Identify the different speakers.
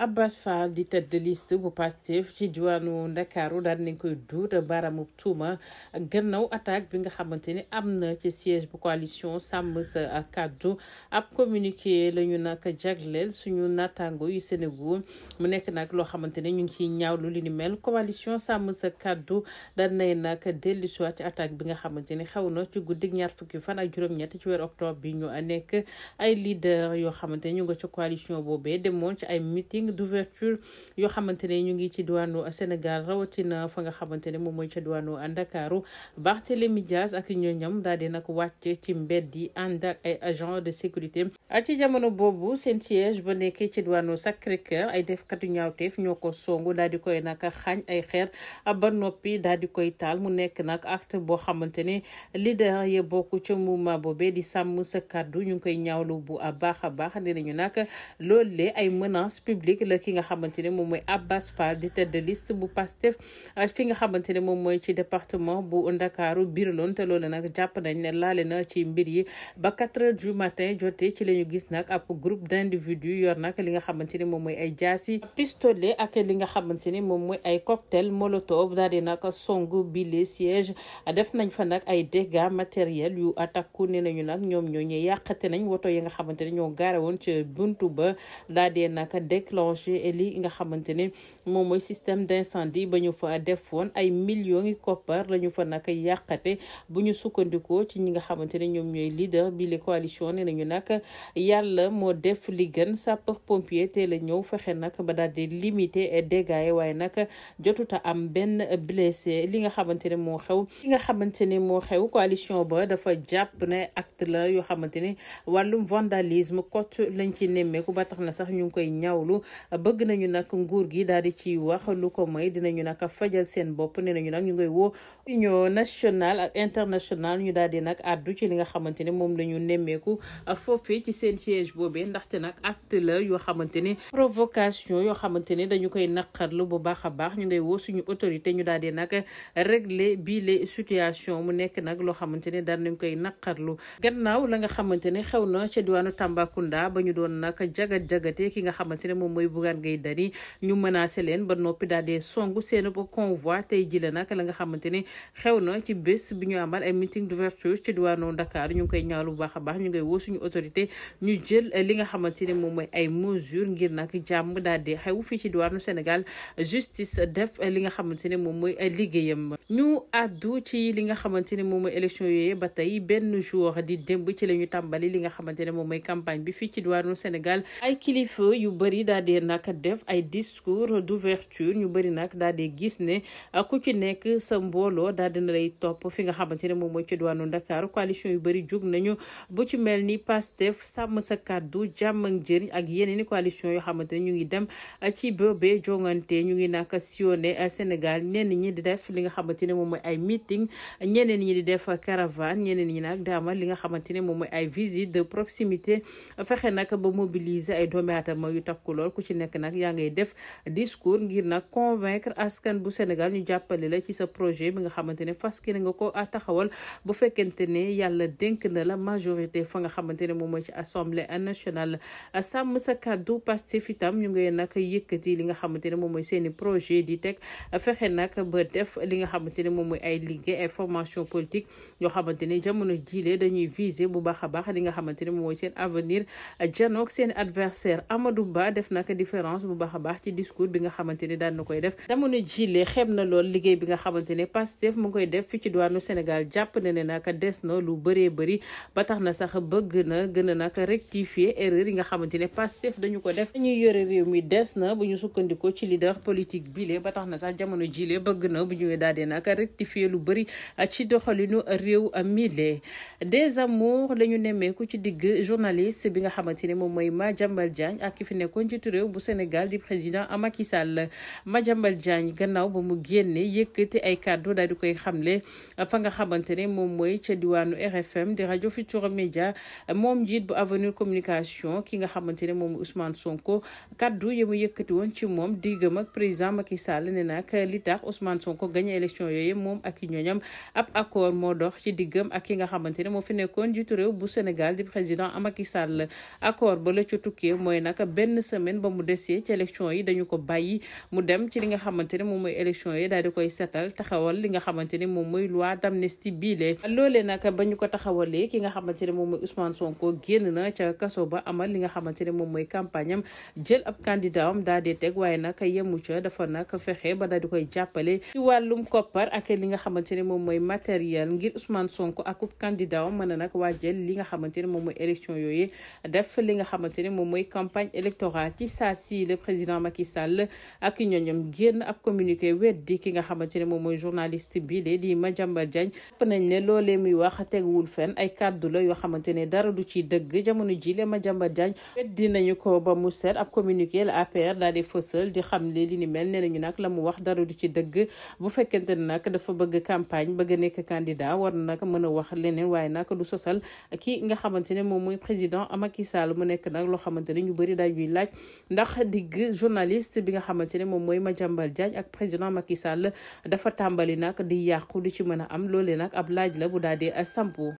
Speaker 1: Abbas Fall di tête de liste bu Pastef ci diwaanu Ndakaaru daal nañ koy duut baaraamu tuuma gannaaw attaque bi nga xamante ni am na ci siège bu coalition sàmm sa kàddu ab communiqué la ñu nag jagleel suñu naataango yu Sénégal mu nekk nag loo xamante ne ñu ngi ciy ñaawlu li ni mel coalition sàmm sa kàddu daal nay nag dellu waat ci attaque bi nga xamante ni xew na ci guddig ñaar fukki fan ak juróom-ñett ci weer octobre bi ñu a nekk ay leader yoo xamante ni ñu nga ci coalition boobee demoon ci ay meeting. meeting d'ouverture yoo xamante ne ñu ngi ci diwaanu Sénégal rawatina fa nga xamante ne moom mooy ca diwaanu Ndakaaru Barthélémy Dias ak ñooñam daal di nag wàcce ci mbedd yi ànd ak ay agent de sécurité ci jamono boobu seen siège ba nekkee ci diwaanu Sacré-Cœur ay defkatu ñaawteef ñoo ko songu daal di koy nag xaañ ay xeer ba noppi daal di koy taal mu nekk nag acte boo xamante ne leader bokk ca mouvement boobee di sàmm sa kaddu ñu ngi koy ñaawlu bu a baax a baax nee nañu République la ki nga xamante ne moom mooy Abbas Fall di tête de liste bu Pastef fi nga xamante ne moom mooy ci département bu Ndakaaru Biraloon te loolu nag jàpp nañ laale na ci mbir yi ba quatre matin jotee ci la gis nag ab groupe d' yor nag li nga xamante ne moom mooy ay jaasi pistolet ak li nga xamante ne moom mooy ay cocktail molotov daal di nag songu bi les sièges def nañ fa nag ay dégâts matériels yu attaku ne nañu nag ñoom ñoo ñu nañ woto yi déroger li nga xamante ne moom mooy système d' incendie ba ñu fa def woon ay millions yi koppar la ñu fa nag yàqate bu ñu sukkandikoo ci ñi nga xamante ne ñoom ñooy leader bi les coalition ne nañu nag yàlla moo def li gën sapeur pompier te la ñëw fexe nag ba daal di limiter dégâts yi waaye nag jotuta am benn blessé li nga xamante ne moo xew li nga xamante ne moo xew coalition ba dafa jàpp ne acte la yoo xamante ne wàllum vandalisme kot lañ ci nemmeeku ba tax na sax ñu ngi koy ñawlu bëgg nañu nag nguur gi daal di ci wax lu ko mooy dinañu nag fajal seen bopp nee nañu nag ñu ngay woo union nationale ak internationale ñu daal di nag addu ci li nga xamante ne moom la ñu nemmeeku foofee ci seen siège boobee ndaxte nag acte la yoo xamante ne provocation yoo xamante ne dañu koy naqarlu bu baax a baax ñu ngay woo suñu autorité ñu daal di nag régler bii les situation mu nekk nag loo xamante ne daal nañ koy naqarlu gannaaw la nga xamante ne xew na ca diwaanu Tambacounda ba ñu doon nag jagat jagate ki nga xamante ne moom mooy Bougane Gueye Dany ñu menacé leen ba noppi daal di song seen ba convoi tey ji la nag la nga xamante ne xew na ci bés bi ñu amal ay meeting d'ouverture ci diwaanu Dakar ne moom mooy ay mesures ngir nag jàmm daal di xew fii ci diwaanu Sénégal justice def li nga xamante ne moom mooy liggéeyam ñu àddu ci li nga xamante ne moom mooy élection yooyu ba tey benn jour di démb ci la ñu tàmbali li nga xamante ne moom mooy campagne bi fii ci diwaanu Sénégal ay kilifa yu bëri daal di nag def ay discours d'ouverture ñu bëri nag daal di gis ne ah, ku ci nekk sa mbooloo daal dina lay topp fi nga xamante ne moom mooy ci diwaanu Dakar coalition yu bëri jug nañu bu ci mel ni Pastef sàmm sa kàddu jàmm ak ak yeneen i coalition yoo xamante ne ñu ngi dem ah, ci boobee jongante ñu ngi nag sillonné ah, Sénégal ñenn ñi di def li nga xamante ne moom mooy ay meeting ñeneen ñi di def caravane ñeneen ñi nag daamal li nga xamante ne moom mooy ay visite de proximité fexe nag ba mobiliser ay doomi aadama yu takku lool ku ci nekk nag yaa ngay def discours ngir nag convaincre askan bu Sénégal ñu jàppale la ci sa projet bi nga xamante ne fas yéene nga ko taxawal bu fekkente ne yàlla dénk na la majorité fa nga xamante ne moom mooy ci assemblée nationale sàmm sa kàddu Pastef itam ñu ngay nag yëkkati li nga xamante ne moom mooy seen i projet di teg fexe nag ba def li nga xamante ne moom mooy ay liggéey ay formation yoo xamante ne jamono jilee dañuy viser bu baax a baax li nga xamante ne moom mooy seen avenir janoog seen adversaire Amadou Ba def nag ak différence bu baax a baax ci discours bi nga xamante ni daan na koy def jamono jilee xeeb na lool liggéey bi nga xamante ne mu tax na sax bëgg na gën a nag rectifier erreur yi nga xamante ne Pastef dañu ko def dañuy yore réew mi des na bu ñu sukkandikoo ci leader politique bile ba tax na sax jamono jilee bëgg na bu ñëwee daal na nag rectifier lu bëri ci doxalinu réew mile des amours la ñu nemmeeku ci digg journaliste bi nga xamante moom mooy Madiambal Diagne ak fi nekkoon ci tur réew bu Sénégal di président Macky Sall Madiambal Diagne gannaaw ba mu génne yëkkati ay kàddu daal di koy xamle fa nga xamante ne moom mooy ca diwaanu RFM di rajo Futurs média moom njiit bu avenir communication ki nga xamante ne moom Ousmane Sonko kàddu yi mu yëkkati woon ci moom diggam ak président Macky Sall ne nag li tax Ousmane Sonko gagné élection yooyu moom ak ñooñam ab accord moo dox ci diggam ak ki nga xamante ne moo fi nekkoon jiitu réew bu Sénégal di président Macky Sall la ba mu desee ci élection yi dañu ko bàyyi mu dem ci li nga xamante ne moom mooy élection yi daal di koy setal taxawal li nga xamante ne moom mooy loi d'amnistie biile loolee nag ba ñu ko taxawalee ki nga xamante ne moom mooy Ousmane Sonko génn na ca kaso ba amal li nga xamante ne moom mooy campagne am jël ab candidat am daal di teg waaye nag yemu ca dafa nag fexe ba daal di koy jàppale ci wàllum koppar ak li nga xamante ne moom mooy matériel ngir Ousmane Sonko akub candidat am mën a nag waajal li nga xamante ne moom mooy élection yooyu def li nga xamante ne moom mooy campagne électorale saa si le président Macky Sall ak ñooñam génn ab communiqué weddi ki nga xamante ne moom mooy journaliste bi de di Madiambal Diagne jàpp nañ ne loolee muy wax teguwul fenn ay kàddu yoo xamante ne dara du ci dëgg jamono ji le Madiambal Diagne weddi nañu ko ba mu seet ab communiqué la daal di fësal di xam ne li ni mel nee nañu nag la mu wax dara du ci dëgg bu fekkente ne nag dafa bëgg campagne bëgg nekk candidat war nag mën a wax leneen waaye nag du sosal ki nga xamante ne moom mooy président Macky Sall mu nekk nag loo xamante ne ñu bëri dañuy laaj ndax digg journaliste bi nga xamante ne moom mooy Madiambal Diagne ak président Macky Sall dafa tàmbali nag di yàqu di ci mën a am loolee nag ab laaj la bu daal di sampu.